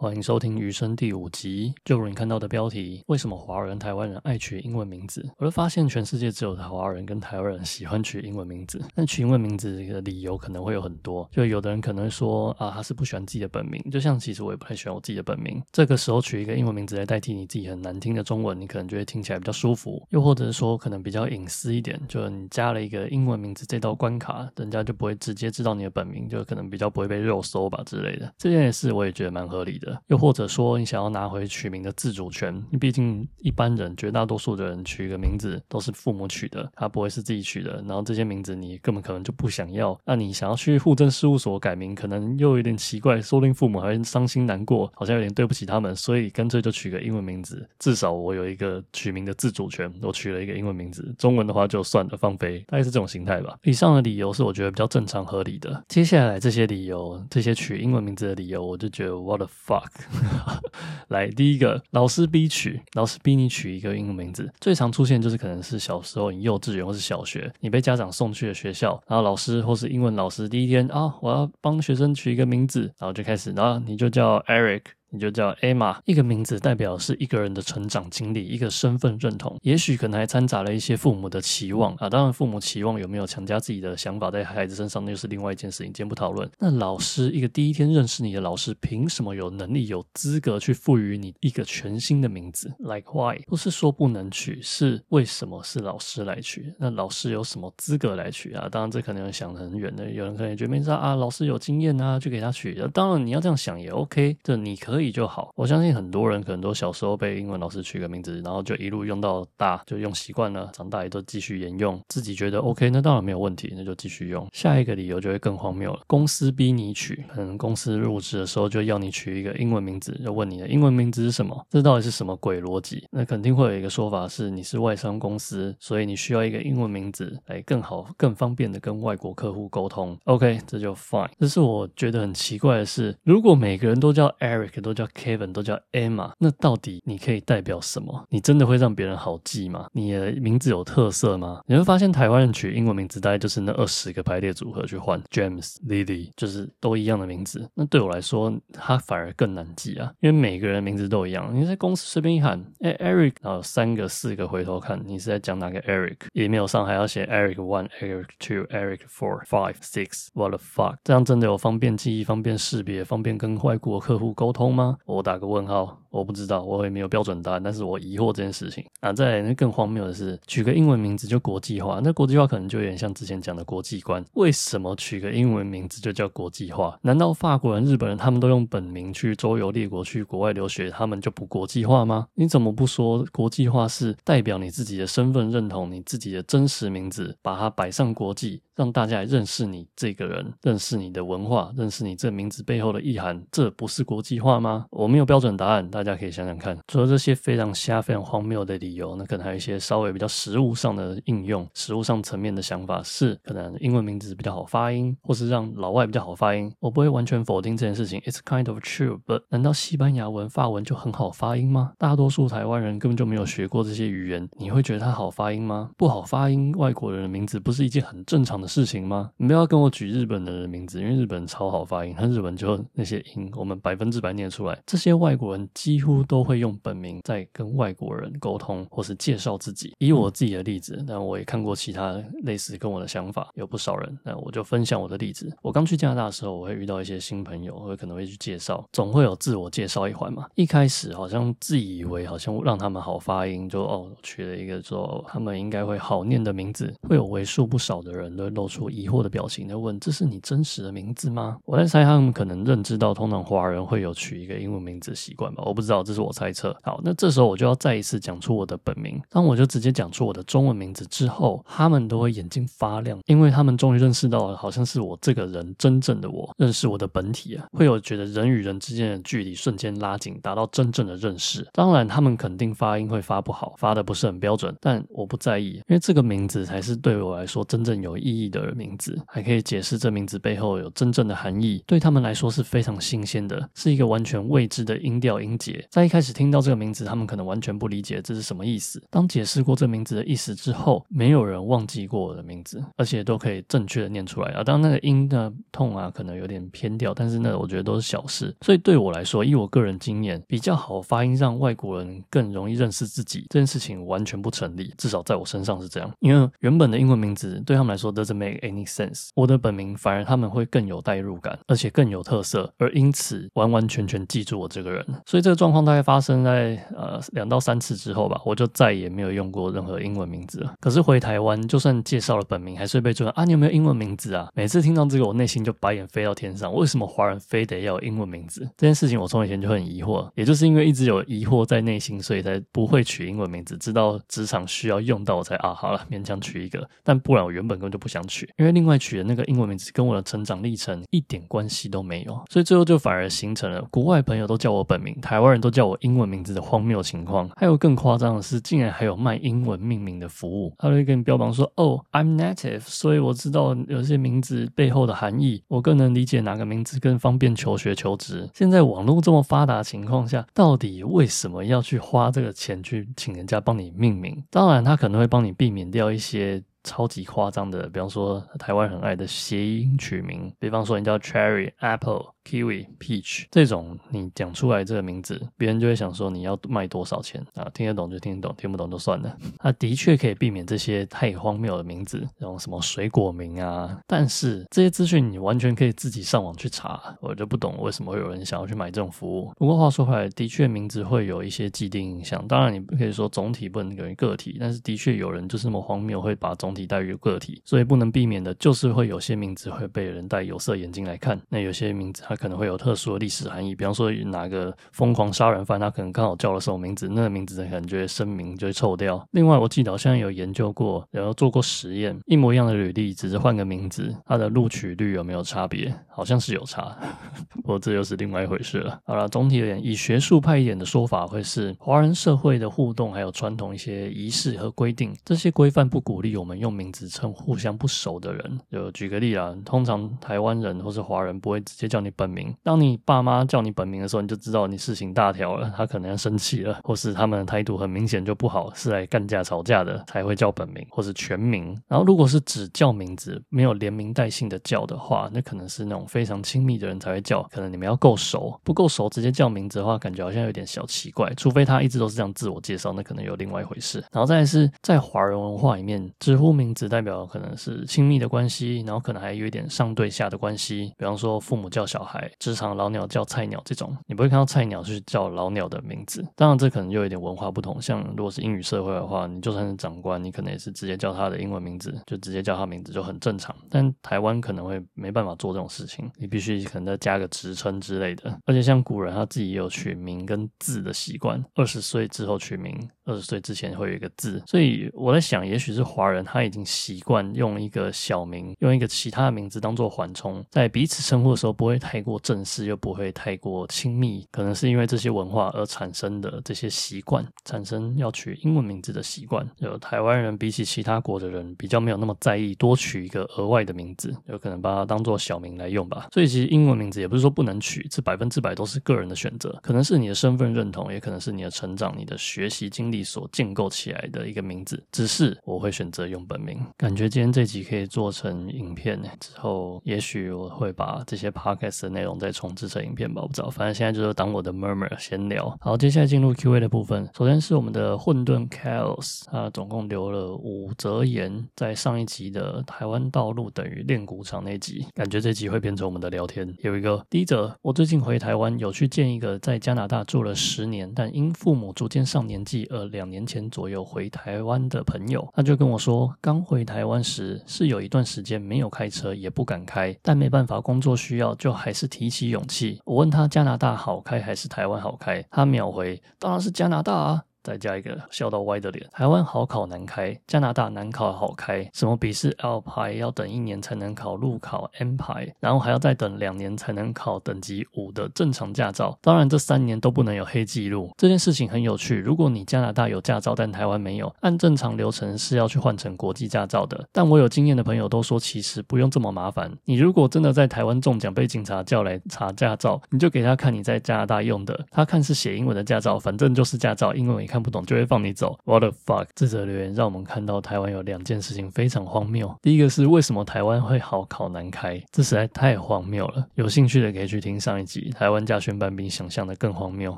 歡迎收聽《瑜聲》第五集。就如你看到的標題，為什麼華人、台灣人愛取英文名字？我就發現全世界只有華人跟台灣人喜歡取英文名字。那取英文名字的理由可能會有很多，就有的人可能會說啊，他是不喜歡自己的本名，就像其實我也不太喜歡我自己的本名。這個時候取一個英文名字來代替你自己很難聽的中文，你可能覺得聽起來比較舒服。又或者是說，可能比較隱私一點，就你加了一個英文名字這道關卡，人家就不會直接知道你的本名，就可能比較不會被肉搜吧之類的。這件事我也覺得蠻合理的。又或者說，你想要拿回取名的自主權，你畢竟一般人絕大多數的人取個名字都是父母取的，他不會是自己取的。然後這些名字你根本可能就不想要，那你想要去戶政事務所改名，可能又有點奇怪，說不定父母還會傷心難過，好像有點對不起他們，所以乾脆就取個英文名字，至少我有一個取名的自主權，我取了一個英文名字，中文的話就算了，放飛，大概是這種形態吧。以上的理由是我覺得比較正常合理的，接下來這些理由，這些取英文名字的理由，我就覺得 what the fuck。 來，第一個老師逼取，老師逼你取一個英文名字。最常出現就是可能是小時候你幼稚園或是小學，你被家長送去了學校，然後老師或是英文老師第一天啊，我要幫學生取一個名字，然後就開始，然後你就叫 Eric。你就叫 Emma，一個名字代表是一個人的成長經歷，一個身份認同，也許可能還摻雜了一些父母的期望啊。當然，父母期望有沒有強加自己的想法在孩子身上，那、就、又是另外一件事情，先不討論。那老師一個第一天認識你的老師，憑什麼有能力、有資格去賦予你一個全新的名字？Like why？不是說不能取，是為什麼是老師來取？那老師有什麼資格來取啊？當然，這可能想得很遠的，有人可能也覺得沒啥啊，老師有經驗啊，就給他取。啊、當然，你要這樣想也 OK，這你可以。可以就好，我相信很多人可能都小時候被英文老師取個名字，然後就一路用到大，就用習慣了，長大也都繼續沿用。自己覺得 OK，那當然沒有問題，那就繼續用。下一個理由就會更荒謬了，公司逼你取，可能公司入職的時候就要你取一個英文名字，就問你的英文名字是什麼？這到底是什麼鬼邏輯？那肯定會有一個說法是，你是外商公司，所以你需要一個英文名字來更好、更方便的跟外國客戶溝通。OK，這就 fine。這是我覺得很奇怪的是，如果每個人都叫 Eric，都叫 Kevin，都叫 Emma，那到底你可以代表什麼？你真的會讓別人好記嗎？你的名字有特色嗎？你會發現台灣人取英文名字大概就是那二十個排列組合去換 James、Lily，就是都一樣的名字。那對我來說，他反而更難記啊，因為每個人的名字都一樣。你在公司隨便一喊，哎，欸，Eric，然後三個、四個，回頭看，你是在講哪個 Eric？email 上還要寫 Eric One、Eric Two、Eric Four、Five、Six，what the fuck，這樣真的有方便記憶、方便識別、方便跟外國客戶溝通嘛嗎？我打個問號，我不知道，我也沒有標準答案，但是我疑惑這件事情。啊，再來，更荒謬的是，取個英文名字就國際化，那國際化可能就有點像之前講的國際觀。為什麼取個英文名字就叫國際化？難道法國人、日本人他們都用本名去周遊列國、去國外留學，他們就不國際化嗎？你怎麼不說國際化是代表你自己的身份認同、你自己的真實名字，把它擺上國際，讓大家來認識你這個人、認識你的文化、認識你這名字背後的意涵？這不是國際化嗎？我沒有標準答案，大家可以想想看。除了這些非常瞎、非常荒謬的理由，那可能還有一些稍微比較實務上的應用、實務上層面的想法是，可能英文名字比較好發音，或是讓老外比較好發音。我不會完全否定這件事情。It's kind of true，but 難道西班牙文、法文就很好發音嗎？大多數台灣人根本就沒有學過這些語言，你會覺得它好發音嗎？不好發音，外國人的名字不是一件很正常的事情嗎？你不要跟我舉日本的人名字，因為日本超好發音，他日本就那些音，我們百分之百念錯。出來，這些外國人幾乎都會用本名在跟外國人溝通，或是介紹自己。以我自己的例子，那我也看過其他類似跟我的想法，有不少人。那我就分享我的例子。我剛去加拿大的時候，我會遇到一些新朋友，會可能會去介紹，總會有自我介紹一環嘛。一開始好像自以為好像讓他們好發音，就哦我取了一個說他們應該會好念的名字，會有為數不少的人都露出疑惑的表情就問：“這是你真實的名字嗎？”我在猜他們可能認知到，通常華人會有取。個英文名字習慣吧，我不知道，這是我猜測。好，那這時候我就要再一次講出我的本名。當我就直接講出我的中文名字之後，他們都會眼睛發亮，因為他們終於認識到了，好像是我這個人真正的我，認識我的本體啊。會有覺得人與人之間的距離瞬間拉緊，達到真正的認識。當然，他們肯定發音會發不好，發的不是很標準，但我不在意，因為這個名字才是對我來說真正有意義的名字，還可以解釋這名字背後有真正的含義。對他們來說是非常新鮮的，是一個完全。未知的音調音節，在一開始聽到這個名字，他們可能完全不理解這是什麼意思。當解釋過這名字的意思之後，沒有人忘記過我的名字，而且都可以正確的念出來啊。當那個音的 tone 啊，可能有點偏調，但是呢，我覺得都是小事。所以對我來說，以我個人經驗，比較好發音讓外國人更容易認識自己這件事情完全不成立，至少在我身上是這樣。因為原本的英文名字對他們來說 doesn't make any sense，我的本名反而他們會更有代入感，而且更有特色，而因此完完全全記住我這個人，所以這個狀況大概發生在呃兩到三次之後吧，我就再也沒有用過任何英文名字了。可是回台灣，就算介紹了本名，還是會被追問啊，你有沒有英文名字啊？每次聽到這個，我內心就白眼飛到天上。我為什麼華人非得要有英文名字？這件事情我從以前就很疑惑，也就是因為一直有疑惑在內心，所以才不會取英文名字。直到職場需要用到，我才啊好了，勉強取一個。但不然，我原本根本就不想取，因為另外取的那個英文名字跟我的成長歷程一點關係都沒有，所以最後就反而形成了外朋友都叫我本名，台灣人都叫我英文名字的荒謬情況。還有更誇張的是，竟然還有賣英文命名的服務，他就會跟你標榜說：“哦，I'm native，所以我知道有些名字背後的含義，我更能理解哪個名字更方便求學求職。”現在網絡這麼發達情況下，到底為什麼要去花這個錢去請人家幫你命名？當然，他可能會幫你避免掉一些。超級誇張的，比方說台灣很愛的諧音取名，比方說人叫 Cherry Apple Kiwi Peach 這種，你講出來這個名字，別人就會想說你要賣多少錢啊？聽得懂就聽得懂，聽不懂就算了。 啊，的確可以避免這些太荒謬的名字，然後什麼水果名啊？但是這些資訊你完全可以自己上網去查。我就不懂為什麼會有人想要去買這種服務。不過話說回來，的確名字會有一些既定印象。當然你不可以說總體不能等於個體，但是的確有人就是那麼荒謬，會把總總體大於個體，所以不能避免的就是會有些名字會被人戴有色眼鏡來看。那有些名字它可能會有特殊的歷史含義，比方說哪個瘋狂殺人犯，他可能剛好叫了什麼名字，那個名字感覺聲名就會臭掉。另外，我記得好像有研究過，然後做過實驗，一模一樣的履歷，只是換個名字，它的錄取率有沒有差別？好像是有差， 不過這又是另外一回事了。好啦，總體而言，以學術派一點的說法，會是華人社會的互動，還有傳統一些儀式和規定，這些規範不鼓勵我們。用名字稱互相不熟的人，就舉個例啦。通常台灣人或是華人不會直接叫你本名。當你爸媽叫你本名的時候，你就知道你事情大條了，他可能要生氣了，或是他們的態度很明顯就不好，是來幹架吵架的才會叫本名或是全名。然後如果是只叫名字，沒有連名帶姓的叫的話，那可能是那種非常親密的人才會叫。可能你們要夠熟，不夠熟直接叫名字的話，感覺好像有點小奇怪。除非他一直都是這樣自我介紹，那可能有另外一回事。然後再來是在華人文化裡面，知乎。不名字代表可能是親密的關係，然後可能還有一點上對下的關係，比方說父母叫小孩，職場老鳥叫菜鳥這種，你不會看到菜鳥去叫老鳥的名字。當然，這可能又有一點文化不同。像如果是英語社會的話，你就算是長官，你可能也是直接叫他的英文名字，就直接叫他名字就很正常。但台灣可能會沒辦法做這種事情，你必須可能再加個職稱之類的。而且像古人他自己也有取名跟字的習慣，二十歲之後取名，二十歲之前會有一個字。所以我在想，也許是華人他。他已經習慣用一個小名，用一個其他的名字當做緩衝，在彼此稱呼的時候不會太過正式，又不會太過親密。可能是因為這些文化而產生的這些習慣，產生要取英文名字的習慣。有台灣人比起其他國的人比較沒有那麼在意多取一個額外的名字，有可能把它當做小名來用吧。所以其實英文名字也不是說不能取，這百分之百都是個人的選擇，可能是你的身份認同，也可能是你的成長、你的學習經歷所建構起來的一個名字。只是我會選擇用。本名感覺今天這集可以做成影片之後，也許我會把這些 podcast 的內容再重制成影片吧。我不知道，反正現在就是當我的 murmur 先聊。好，接下來進入 Q A 的部分。首先是我們的混沌 Chaos 它總共留了五則言。在上一集的台灣道路等於練鼓場那集，感覺這集會變成我們的聊天。有一個，第一則，我最近回台灣，有去見一個在加拿大住了十年，但因父母逐漸上年紀而兩年前左右回台灣的朋友，他就跟我說。剛回台灣時，是有一段時間沒有開車，也不敢開，但沒辦法，工作需要，就還是提起勇氣。我問他加拿大好開還是台灣好開？他秒回：當然是加拿大啊。再加一個笑到歪的臉。台灣好考難開，加拿大難考好開。什麼筆試 L 牌，要等一年才能考路考 M 牌，IE, 然後還要再等兩年才能考等級五的正常駕照。當然，這三年都不能有黑記錄。這件事情很有趣。如果你加拿大有駕照但台灣沒有，按正常流程是要去換成國際駕照的。但我有經驗的朋友都說，其實不用這麼麻煩。你如果真的在台灣中獎被警察叫來查駕照，你就給他看你在加拿大用的，他看是寫英文的駕照，反正就是駕照，因為。看不懂就會放你走。What the fuck！這則留言讓我們看到台灣有兩件事情非常荒謬。第一個是為什麼台灣會好考難開，這實在太荒謬了。有興趣的可以去聽上一集《台灣駕訓班》，比你想象的更荒謬。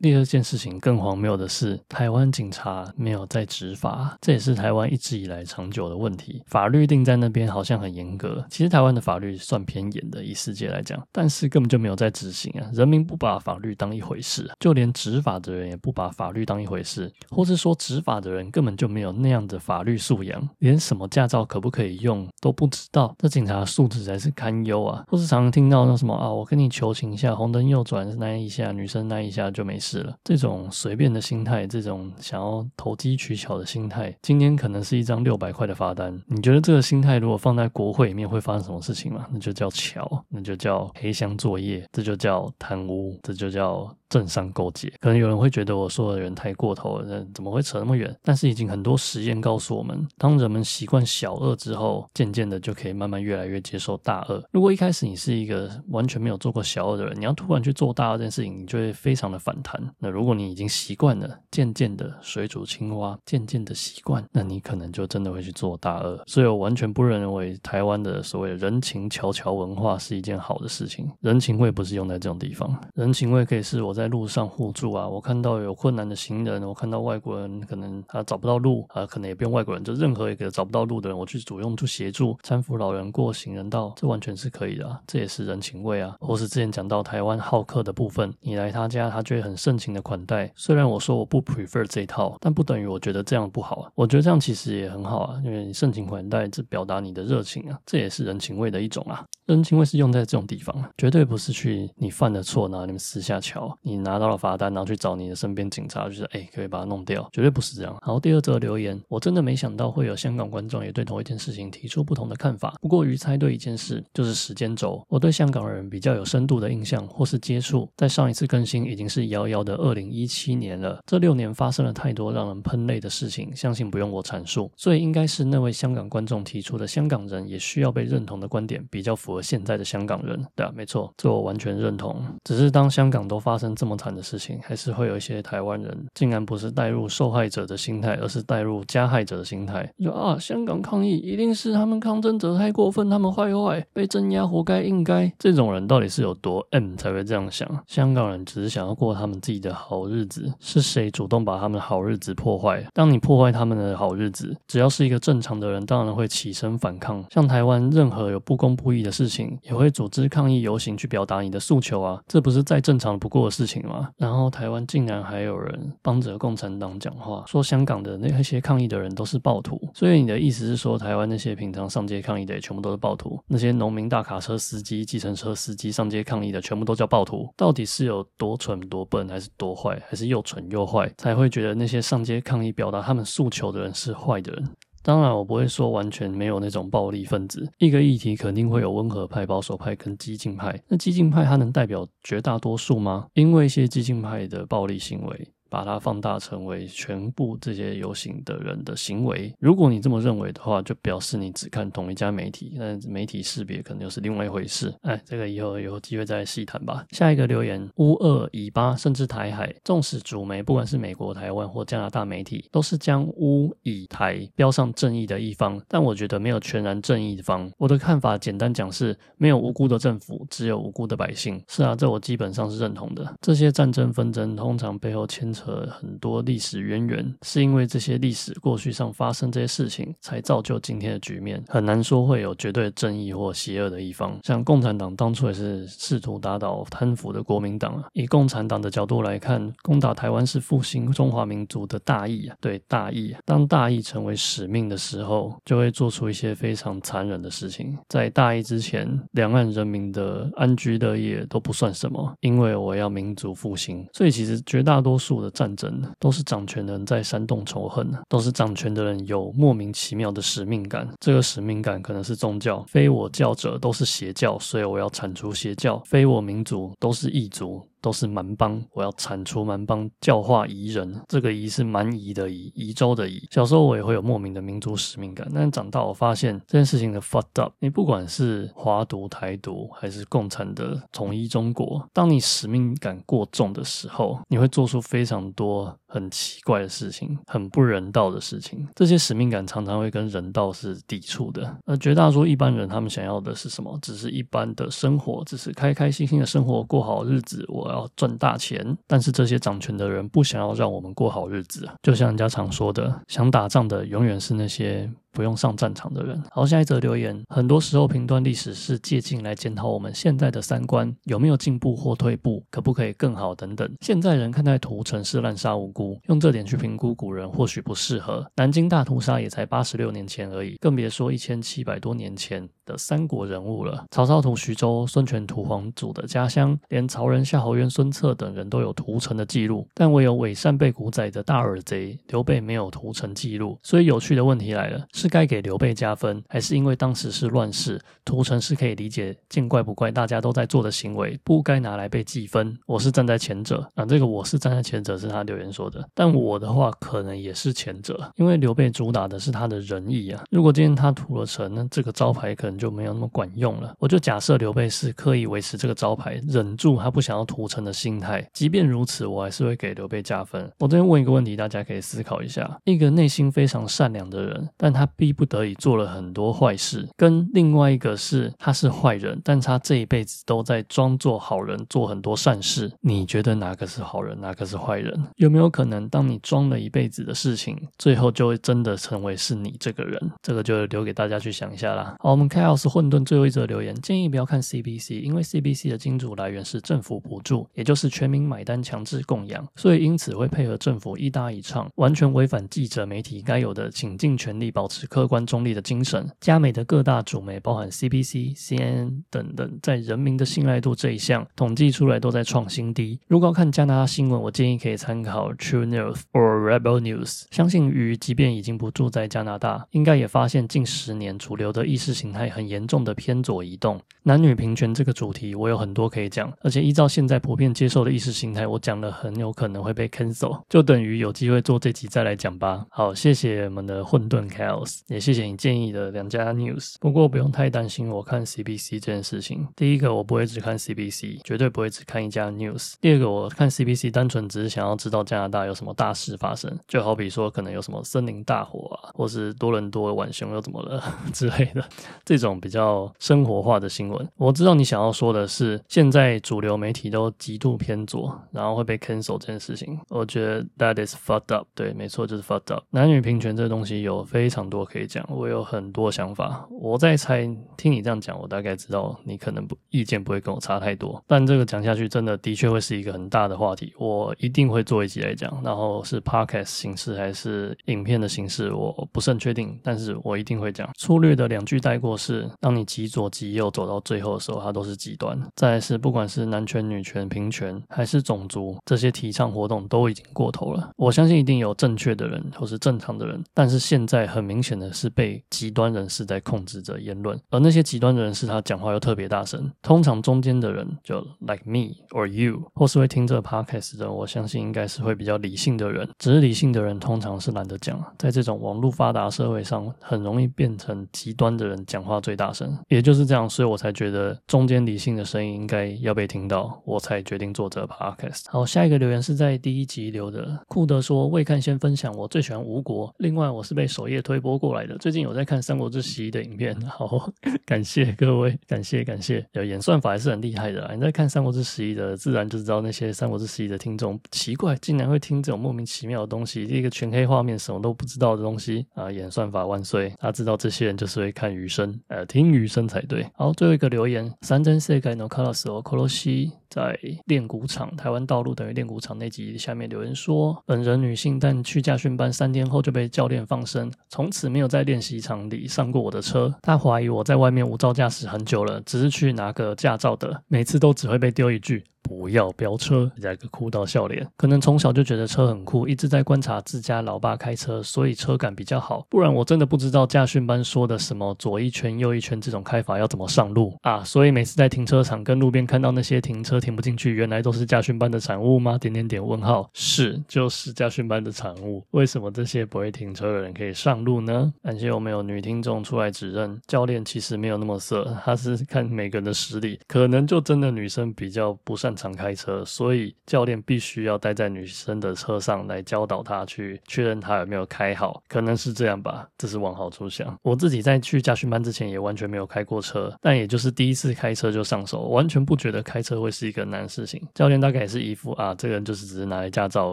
第二件事情更荒謬的是，台灣警察沒有在執法，這也是台灣一直以來長久的問題。法律定在那邊好像很嚴格，其實台灣的法律算偏嚴的，以世界來講，但是根本就沒有在執行啊！人民不把法律當一回事，就連執法的人也不把法律當一回事。或是說執法的人根本就沒有那樣的法律素養，連什麼駕照可不可以用都不知道，這警察的素質才是堪憂啊！或是常常聽到那什麼啊，我跟你求情一下，紅燈右轉那一下，女生那一下就沒事了，這種隨便的心態，這種想要投機取巧的心態，今天可能是一張六百塊的罰單，你覺得這個心態如果放在國會裡面會發生什麼事情嗎？那就叫喬，那就叫黑箱作業，這就叫貪污，這就叫。政商勾結，可能有人會覺得我說的人太過頭了，怎麼會扯那麼遠？但是已經很多實驗告訴我們，當人們習慣小惡之後，漸漸的就可以慢慢越來越接受大惡。如果一開始你是一個完全沒有做過小惡的人，你要突然去做大惡這件事情，你就會非常的反彈。那如果你已經習慣了，漸漸的水煮青蛙，漸漸的習慣，那你可能就真的會去做大惡。所以我完全不認為台灣的所謂人情喬喬文化是一件好的事情。人情味不是用在這種地方，人情味可以是我在在路上互助啊，我看到有困難的行人，我看到外國人可能啊找不到路啊，可能也不用外國人，就任何一個找不到路的人，我去主動去協助攙扶老人過行人道，這完全是可以的，啊。這也是人情味啊。或是之前講到台灣好客的部分，你來他家，他就會很盛情的款待。雖然我說我不 prefer 這一套，但不等於我覺得這樣不好。啊，我覺得這樣其實也很好啊，因為你盛情款待，這表達你的熱情啊，這也是人情味的一種啊。人情味是用在這種地方啊，絕對不是去你犯了錯拿你們私下敲。你拿到了罰單，然後去找你的身邊警察，就是哎，可以把它弄掉，絕對不是這樣。好，第二則留言，我真的沒想到會有香港觀眾也對同一件事情提出不同的看法。不過，瑜猜對一件事，就是時間軸。我對香港人比較有深度的印象或是接觸，在上一次更新已經是遙遙的二零一七年了。這六年發生了太多讓人噴淚的事情，相信不用我闡述。所以，應該是那位香港觀眾提出的“香港人也需要被認同”的觀點比較符合現在的香港人，對啊，沒錯，這我完全認同。只是當香港都發生……這麼慘的事情，還是會有一些台灣人竟然不是帶入受害者的心態，而是帶入加害者的心態。說啊，香港抗議一定是他們抗爭者太過分，他們壞壞，被鎮壓活該應該。這種人到底是有多 M 才會這樣想？香港人只是想要過他們自己的好日子，是誰主動把他們的好日子破壞？當你破壞他們的好日子，只要是一個正常的人，當然會起身反抗。像台灣任何有不公不義的事情，也會組織抗議遊行去表達你的訴求啊，這不是再正常不過的事情。然後台灣竟然還有人幫着共產黨講話，說香港的那些抗議的人都是暴徒。所以你的意思是說，台灣那些平常上街抗議的全部都是暴徒？那些農民、大卡車司機、計程車司機上街抗議的全部都叫暴徒？到底是有多蠢、多笨，還是多壞，還是又蠢又壞，才會覺得那些上街抗議、表達他們訴求的人是壞的人？當然，我不會說完全沒有那種暴力分子。一個議題肯定會有溫和派、保守派跟激進派。那激進派它能代表絕大多數嗎？因為一些激進派的暴力行為，把它放大成為全部這些遊行的人的行為。如果你這麼認為的話，就表示你只看同一家媒體，那媒體識別可能又是另外一回事。哎，這個以後有機會再細談吧。下一個留言：烏、 俄、以巴，甚至台海，縱使主媒不管是美國、台灣或加拿大媒體，都是將烏、以、台標上正義的一方。但我覺得沒有全然正義方。我的看法簡單講是：沒有無辜的政府，只有無辜的百姓。是啊，這我基本上是認同的。這些戰爭紛爭通常背後牽扯。和很多歷史淵源，是因為這些歷史過去上發生這些事情，才造就今天的局面。很難說會有絕對的正義或邪惡的一方。像共產黨當初也是試圖打倒貪腐的國民黨啊。以共產黨的角度來看，攻打台灣是復興中華民族的大義啊，對大義。當大義成為使命的時候，就會做出一些非常殘忍的事情。在大義之前，兩岸人民的安居樂業都不算什麼，因為我要民族復興。所以其實絕大多數的。戰爭都是掌權的人在煽動仇恨，都是掌權的人有莫名其妙的使命感。這個使命感可能是宗教，非我教者都是邪教，所以我要鏟除邪教。非我民族都是異族。都是蠻邦，我要鏟除蠻邦，教化夷人。這個夷是蠻夷的夷，夷州的夷。小時候我也會有莫名的民族使命感，但長大我發現這件事情的 fucked up。你不管是華獨、台獨，還是共產的統一中國，當你使命感過重的時候，你會做出非常多很奇怪的事情，很不人道的事情。這些使命感常常會跟人道是抵觸的。而絕大多數一般人，他們想要的是什麼？只是一般的生活，只是開開心心的生活，過好日子。我要賺大錢，但是這些掌權的人不想要讓我們過好日子。就像人家常說的，想打仗的永遠是那些。不用上戰場的人。好，下一則留言。很多時候評斷歷史是借鏡來檢討我們現在的三觀有沒有進步或退步，可不可以更好等等。現在人看待屠城是濫殺無辜，用這點去評估古人或許不適合。南京大屠殺也才八十六年前而已，更別說一千七百多年前的三國人物了。曹操屠徐州，孫權屠黃祖的家鄉，連曹仁、夏侯淵、孫策等人都有屠城的記錄，但唯有偽善被古宰的大耳賊劉備沒有屠城記錄。所以有趣的問題來了。是該給劉備加分，還是因為當時是亂世，屠城是可以理解，見怪不怪，大家都在做的行為，不該拿來被記分。我是站在前者啊，這個我是站在前者，是他留言說的。但我的話可能也是前者，因為劉備主打的是他的仁義啊。如果今天他屠了城，那這個招牌可能就沒有那麼管用了。我就假設劉備是刻意維持這個招牌，忍住他不想要屠城的心態。即便如此，我還是會給劉備加分。我這邊問一個問題，大家可以思考一下：一個內心非常善良的人，但他。逼不得已做了很多壞事，跟另外一個是他是壞人，但他這一輩子都在裝作好人，做很多善事。你覺得哪個是好人，哪個是壞人？有沒有可能，當你裝了一輩子的事情，最後就會真的成為是你這個人？這個就留給大家去想一下啦。好，我們 chaos 混沌最後一則留言，建議不要看 CBC，因為 CBC 的金主來源是政府補助，也就是全民買單、強制供養，所以因此會配合政府一搭一唱，完全違反記者媒體該有的，請盡全力保持。客觀中立的精神，加美的各大主媒，包含 CBC、CNN 等等，在人民的信賴度這一項統計出來，都在創新低。如果要看加拿大新聞，我建議可以參考 True North 或 Rebel News。相信於即便已經不住在加拿大，應該也發現近十年主流的意識形態很嚴重的偏左移動。男女平權這個主題，我有很多可以講，而且依照現在普遍接受的意識形態，我講了很有可能會被 cancel，就等於有機會做這集再來講吧。好，謝謝我們的混沌 chaos。也謝謝你建議的兩家 news，不過不用太擔心我看 CBC 這件事情。第一個，我不會只看 CBC，絕對不會只看一家 news。第二個，我看 CBC 單純只是想要知道加拿大有什麼大事發生，就好比說可能有什麼森林大火啊，或是多倫多的浣熊又怎麼了呵呵之類的這種比較生活化的新聞。我知道你想要說的是，現在主流媒體都極度偏左，然後會被 cancel 這件事情。我覺得 that is fucked up。對，沒錯，就是 fucked up。男女平權這東西有非常多。我可以講，我有很多想法。我在猜，聽你這樣講，我大概知道你可能不意見不會跟我差太多。但這個講下去，真的的確會是一個很大的話題。我一定會做一集來講，然後是 podcast 形式還是影片的形式，我不是很確定。但是我一定會講。粗略的兩句帶過是：當你極左極右走到最後的時候，它都是極端。再來是，不管是男權、女權、平權還是種族，這些提倡活動都已經過頭了。我相信一定有正確的人或是正常的人，但是現在很明顯，明顯的是被極端人士在控制着言論，而那些極端人士他講話又特別大聲。通常中間的人就 like me or you，或是會聽這 podcast 的，我相信應該是會比較理性的人。只是理性的人通常是懶得講了。在這種網絡發達社會上，很容易變成極端的人講話最大聲。也就是這樣，所以我才覺得中間理性的聲音應該要被聽到，我才決定做這 podcast。好，下一個留言是在第一集留的，酷德說，未看先分享，我最喜歡吳國。另外，我是被首頁推播播過來的，最近有在看《三國志十一》的影片，好，感謝各位，感謝感謝，呃、演算法還是很厲害的啦。你在看《三國志十一》的，自然就知道那些《三國志十一》的聽眾奇怪，竟然會聽這種莫名其妙的東西，一個全黑畫面、什麼都不知道的東西啊、呃！演算法萬歲！他知道這些人就是會看瑜聲，呃，聽瑜聲才對。好，最後一個留言：三針膝蓋 no 卡的時候，克洛西在練蠱場，台灣道路等於練蠱場那集下面留言說，本人女性，但去駕訓班三天後就被教練放生，從此。沒有在練習場裡上過我的車，他懷疑我在外面無照駕駛很久了，只是去拿個駕照的，每次都只會被丟一句“不要飆車”，來個哭到笑臉。可能從小就覺得車很酷，一直在觀察自家老爸開車，所以車感比較好。不然我真的不知道駕訓班說的什麼“左一圈右一圈”這種開法要怎麼上路啊！所以每次在停車場跟路邊看到那些停車停不進去，原來都是駕訓班的產物嗎？點點點問號，是就是駕訓班的產物。為什麼這些不會停車的人可以上路呢？感謝有沒有女聽眾出來指認，教練其實沒有那麼色，他是看每個人的實力，可能就真的女生比較不擅長開車，所以教練必須要待在女生的車上來教導她，去確認她有沒有開好，可能是這樣吧，這是往好處想。我自己在去駕訓班之前也完全沒有開過車，但也就是第一次開車就上手，完全不覺得開車會是一個難事情。教練大概也是一副啊，這個人就是只是拿來駕照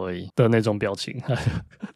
而已的那種表情，哎，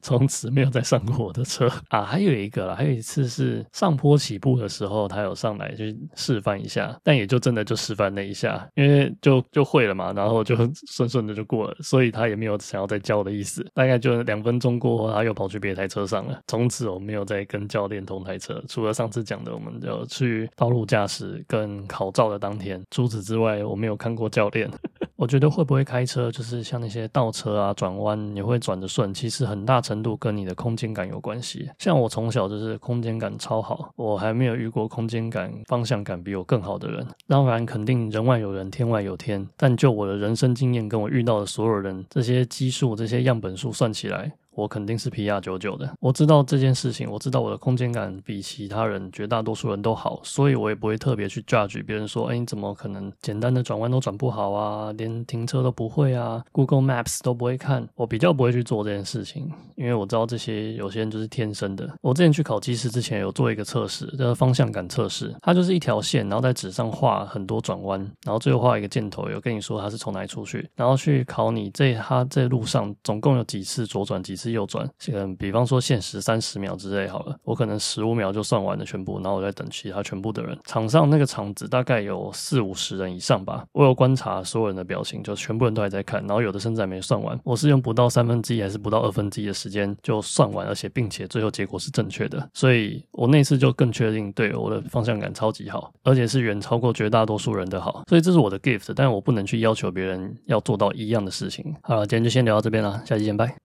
從此沒有再上過我的車啊，還有。一個了，還有一次是上坡起步的時候，他有上來去示範一下，但也就真的就示範了一下，因為就就會了嘛，然後就順順的就過了，所以他也沒有想要再教的意思。大概就兩分鐘過後，他又跑去別台車上了。從此我沒有再跟教練同台車，除了上次講的我們就去道路駕駛跟考照的當天，除此之外我沒有看過教練。我覺得會不會開車，就是像那些倒車啊、轉彎，也會轉得順。其實很大程度跟你的空間感有關係。像我從小就是空間感超好，我還沒有遇過空間感、方向感比我更好的人。當然，肯定人外有人，天外有天。但就我的人生經驗，跟我遇到的所有人，這些基數、這些樣本數算起來。我肯定是 PR99 的，我知道這件事情，我知道我的空間感比其他人絕大多數人都好，所以我也不會特別去 judge 別人說，哎，你怎麼可能簡單的轉彎都轉不好啊，連停車都不會啊，Google Maps 都不會看，我比較不會去做這件事情，因為我知道這些有些人就是天生的。我之前去考機師之前有做一個測試，叫做方向感測試，它就是一條線，然後在紙上畫很多轉彎，然後最後畫一個箭頭，有跟你說它是從哪裡出去，然後去考你這它這路上總共有幾次左轉幾次右轉，嗯，比方說限時三十秒之內好了，我可能十五秒就算完了全部，然後我在等其他全部的人。場上那個場子大概有四五十人以上吧，我有觀察所有人的表情，就全部人都還在看，然後有的甚至還沒算完。我是用不到三分之一還是不到二分之一的時間就算完，而且並且最後結果是正確的，所以我那次就更確定對我的方向感超級好，而且是遠超過絕大多數人的好，所以這是我的 gift，但我不能去要求別人要做到一樣的事情。好了，今天就先聊到這邊了，下期見，拜。